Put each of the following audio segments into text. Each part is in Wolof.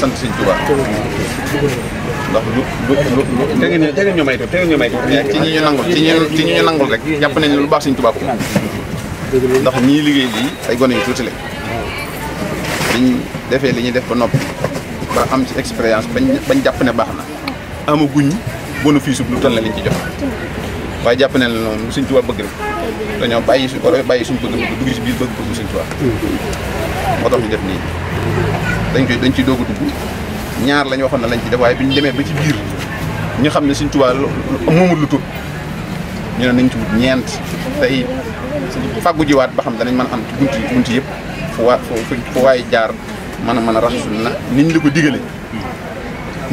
sant Sëriñ Tuubaa ndax lu lu lu lu te ngeen te ngeen ñu maytu te ngeen ñu maytu ci ñi ñu nangul ci ñi ñu nangul rek jàpp nañu lu baax Sëriñ Tuubaa ko ndax ñii liggéey lii ay gone yu tuuti lañ liñ defee li ñuy def ba nopp ba am ci expérience bañ bañ jàpp ne baax na amaguñ bénéfice lu toll na liñ ci jox waaye jàpp ne la noonu suñ Tuubaa bëgg rek dañoo bàyyi suñ wala bàyyi suñ bëgg bëgg dugg si moo tax ñu def nii dañ koy dañ ciy doog a dugg ñaar lañ waxoon na lañ ci def waaye bi ñu demee ba ci biir ñu xam ne suñ Tuubaa moomul lu tut ñu ne nañ ci wut ñeent tey fàggu jiwaat ba xam danañ mën a am ci bunt yi bunt yëpp fu waa fu waay jaar mën a mën a raxasul na niñ la ko digale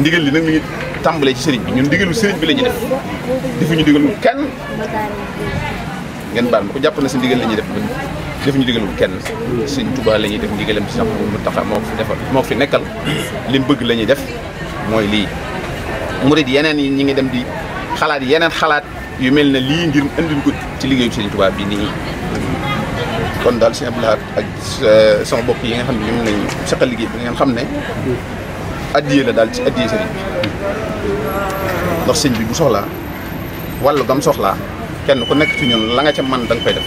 ndigal li nag mi ngi tàmbalee ci sëriñ bi ñun ndigalu sëriñ bi la ñuy def ñu ndigalul kenn ngeen baal ma ko jàpp na si ndigal la ñuy def defuñu ndigalul kenn sëñ Tuubaa la ñuy def ndigalam si sax mu taxa moo fi moo fi nekkal lim bëgg lañu def mooy lii murid yeneen yi ñi ngi dem di xalaat yeneen xalaat yu mel ne lii ngir andil ko ci liggéeyu sëriñ Tuubaa bi nii kon daal sëñ Abdou Lahad ak sama bokk yi nga xam ne ñoom nañ seqal liggéey bi ngeen xam ne addiyee la daal ci addiyee sëriñ bi ndax sëñ bi bu soxlaa wàllu gam soxlaa kenn ku nekk ci ñun la nga ca man da koy def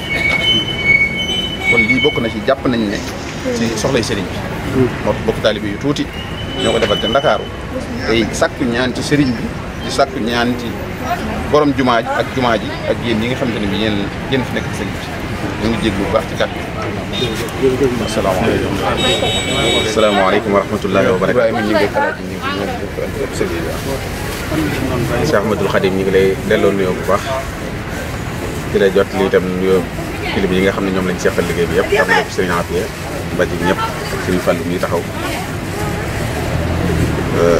kon lii bokk na ci jàpp nañ ne ci soxlay sëriñ bi moo bokk taalibe yu tuuti ñoo ko defal ci ndakaaru tey sàkku ñaan ci sëriñ bi di sàkku ñaan ci borom jumaa ji ak jumaa ji ak yéen yi nga xamante ne bi yéen yéen fi nekk sëriñ bi ñu ngi jégg bu baax ci kàddu asalaamaaleykum asalaamaaleykum wa rahmatullahi wa barakatu Cheikh Ahmadoul Khadim ñu ngi lay delloo nuyoo bu baax di jot lii itam nuyoo kilib yi nga xam ne ñoom lañ seqal liggéey bi yëpp tàmbale ko sëriñ Afia Mbaye ñëpp ak sëriñ Fallou mi taxaw euh,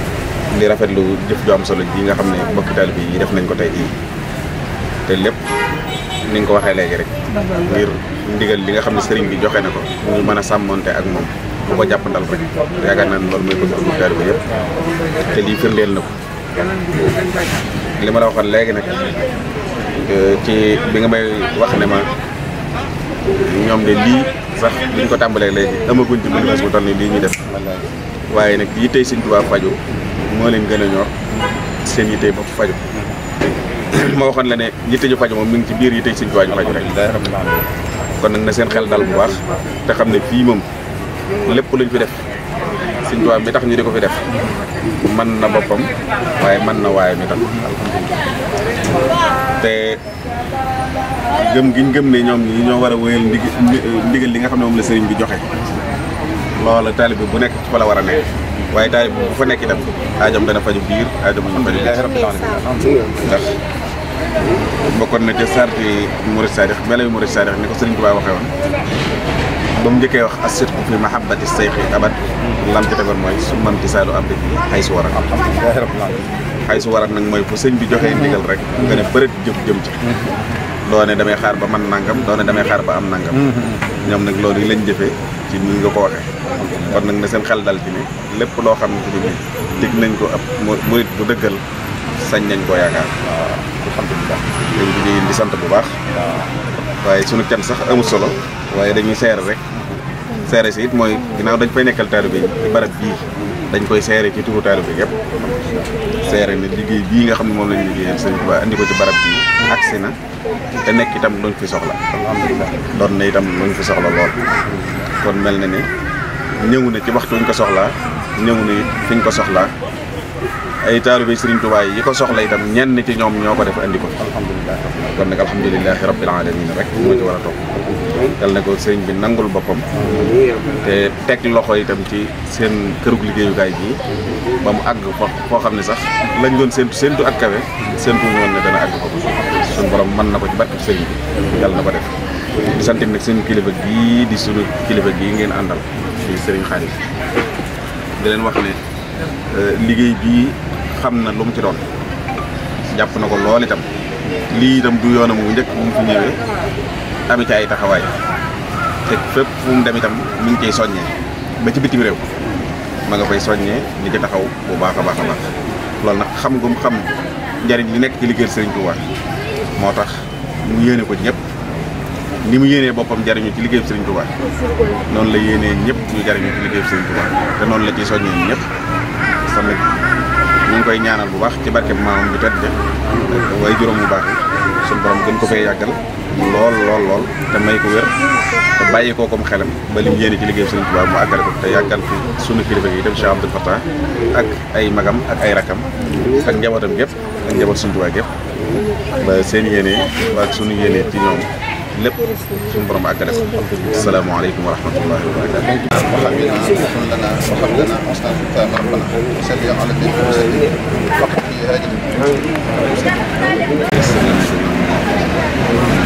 di rafetlu jëf ju am solo yi nga xam ne mbokki taalibe yi def nañ ko tey jii te lépp ni nga ko waxee léegi rek ngir ndigal li nga xam ne sëriñ bi joxe na ko ñu mën a sàmmoonte ak moom bu ko jàppandal rek yaakaar naa ne loolu mooy bëgg bu taalibe yëpp te lii firndeel na ko li ma la waxoon léegi nag euh, ci bi nga may wax ne ma ñoom de lii sax liñ ko tàmbalee léegi amaguñ ci mën ñu def waaye nag yi tey sëñ Tuubaa faju moo leen gën a ñor seen yi bopp faju sëñ ma la ne yitte ju faju moom mi ngi ci biir yitte sëñ Tuubaa ju faju rek kon nag na seen xel dal bu baax te xam ne fii moom lépp luñ fi def sëñ Tuubaa mi tax ñu di ko fi def man na boppam waaye man na waaye mi tax te gëm giñ ñoom ñi ñoo war a wéyal ndig xam ne moom la sëriñ bi joxe loola taalib bu nekk ci fa la war a nekk waaye taalib bu fa nekk itam aajam dana faju biir aajam a faju biir ndax kon na ca sarti Murid Saadix melay Murid Saadix ni ko Sëriñ Tuubaa waxee woon ba mu njëkkee wax as-sidqu fi mahabbati sayxi abad lam ca tegoon mooy su mam ci saalu abdi xay su waral xay su waral nag mooy fu sëñ bi joxee ndigal rek nga ne bërët jëf jëm ci doone damay xaar ba man nangam doone damay xaar ba am nangam ñoom nag loolu yi lañ jëfee ci nii nga ko waxee kon nag na seen xel dal ci ne lépp loo xam ne ci dig nañ ko ab murit bu dëggal sañ nañ koo yaakaar. waaw alhamdulilah. dañ di di sant bu baax. waaye sunu kenn sax amul solo. waaye dañuy seere rek. seere si it mooy ginnaaw dañ koy nekkal taalibe yi barab bii. dañ koy seere ci turu taalibe yëpp. seere ne liggéey bii nga xam ne moom lañu liggéeyal sëñ Tuubaa andi ko ci barab bii. agsi na te nekk itam luñ fi soxla. alhamdulilah doon na itam luñ fi soxla lool. kon mel na ne ñëw na ci waxtu ñu ko soxla ñëw na it fi ñu ko soxla ay taalibe Serigne Touba yi ko soxla itam ñenn ci ñoom ñoo ko def andi ko alhamdulilah kon nag alhamdulilahi rabbil alamin rek moo ci war a topp dal na ko sëriñ bi nangul boppam te teg loxo itam ci seen kërug liggéeyukaay gii ba mu àgg foo xam ne sax lañ doon séntu séntu ak kawe séntu woon na dana àgg foofu suñu borom mën na ko ci barkeb sëriñ bi yàlla na ko def di santit nag seen kilifa gii di sunu kilifa gii ngeen àndal di sëriñ Xaadim di leen wax ne euh, liggéey bii xam na lu mu ci doon jàpp na ko lool itam lii itam du yoonam wu njëkk bu mu fi ñëwee ami ci ay taxawaay te fépp fu mu dem itam mi ngi cay soññee ba ci bitim réew ma nga fay soññee ni ci taxaw bu baax a baax a baax loolu nag xam gum xam njariñ li nekk ci liggéeyal sëriñ Tuubaa moo tax mu yéene ko ñëpp ni mu yéenee boppam jariñu ci liggéeyub Serigne Touba noonu la yéenee ñëpp ñu jariñu ci liggéeyub Serigne te noonu la ciy soññee ñëpp ngi koy ñaanal bu baax ci barkeb maamam bi tedd ja way juróom bu baax yi boroom borom gën ko fay yàggal lool lool lool te may ko wér te bàyyi koo comme xelam ba lim yéene ci liggéey Sëriñ Tuubaa mu àggale ko te yàggal fi sunu kilifa yi dem Cheikh Abdoul Fatah ak ay magam ak ay rakam ak njabootam gépp ak njaboot Sëriñ Tuubaa gépp ba seen yéene ak sunu yéene ci ñoom lépp suñu borom àggale ko asalaamaaleykum wa rahmatullahi wa barakatu وحبنا كن لنا وهب لنا حسن الختام ربنا وسلم على النبي وسلم فقط في هذه